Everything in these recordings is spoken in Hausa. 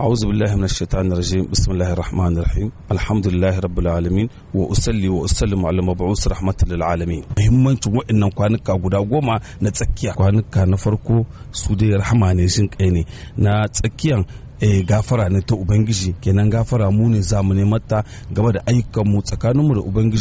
أعوذ بالله من الشيطان الرجيم بسم الله الرحمن الرحيم الحمد لله رب العالمين وأصلي وأسلم على مبعوث رحمة للعالمين muhimmancin أن تقول إن قانك أقول tsakiya kwanuka na farko su dai rahama ne shin kai ne Eh, gafara ne ta ubangiji kenan gafara mu ne za mu nemata game da ayyukanmu mu da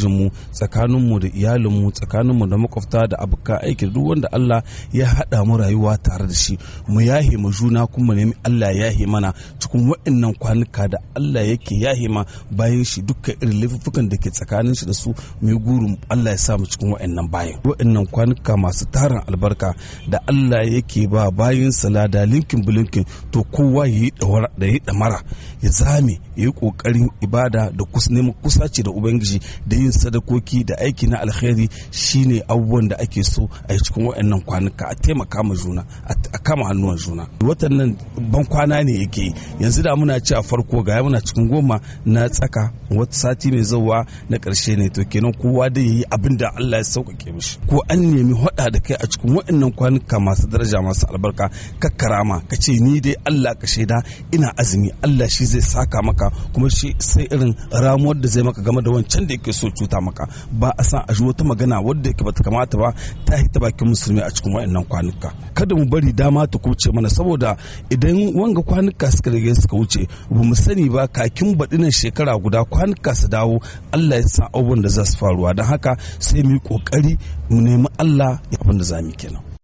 mu tsakanin mu da mu tsakanin mu da makwabta da abokan aiki duk wanda Allah ya haɗa mu rayuwa tare da shi mu yahe mu juna kuma nemi Allah yahe mana cikin waɗannan kwanuka da Allah yake yahe ma bayan shi dukkan irin laifuffukan da ke tsakanin shi da su mu guri Allah ya sa mu cikin waɗannan bayan waɗannan kwanuka masu tarin albarka da Allah yake ba bayan salada linkin bulinkin to kowa ya yi da yi damara ya zame ya yi kokarin ibada da neman kusaci da ubangiji da yin sadakoki da aiki na alkhairi shine abubuwan da ake so a yi cikin waɗannan kwanuka a taimaka ma juna a kama hannuwan juna watan nan ban kwana ne yake yanzu da muna ci a farko ga muna cikin goma na tsaka wata sati mai zauwa na ƙarshe ne to kenan kowa da yi abin da Allah ya sauƙaƙe mishi ko an nemi hada da kai a cikin waɗannan kwanuka masu daraja masu albarka kakkarama ka ce ni dai Allah ka shaida ina azumi Allah shi zai saka maka kuma shi sai irin ramuwar da zai maka game da wancan da yake so cuta maka ba a san a wata magana wadda yake bata kamata ba ta hita bakin musulmi a cikin wa'annan kwanuka kada mu bari dama ta kuce mana saboda idan wanga kwanuka suka rage suka wuce ba mu sani ba kakin baɗinan shekara guda kwanuka su dawo Allah ya san abubuwan da za su faruwa don haka sai mu yi ƙoƙari mu nemi Allah abin da za mu kenan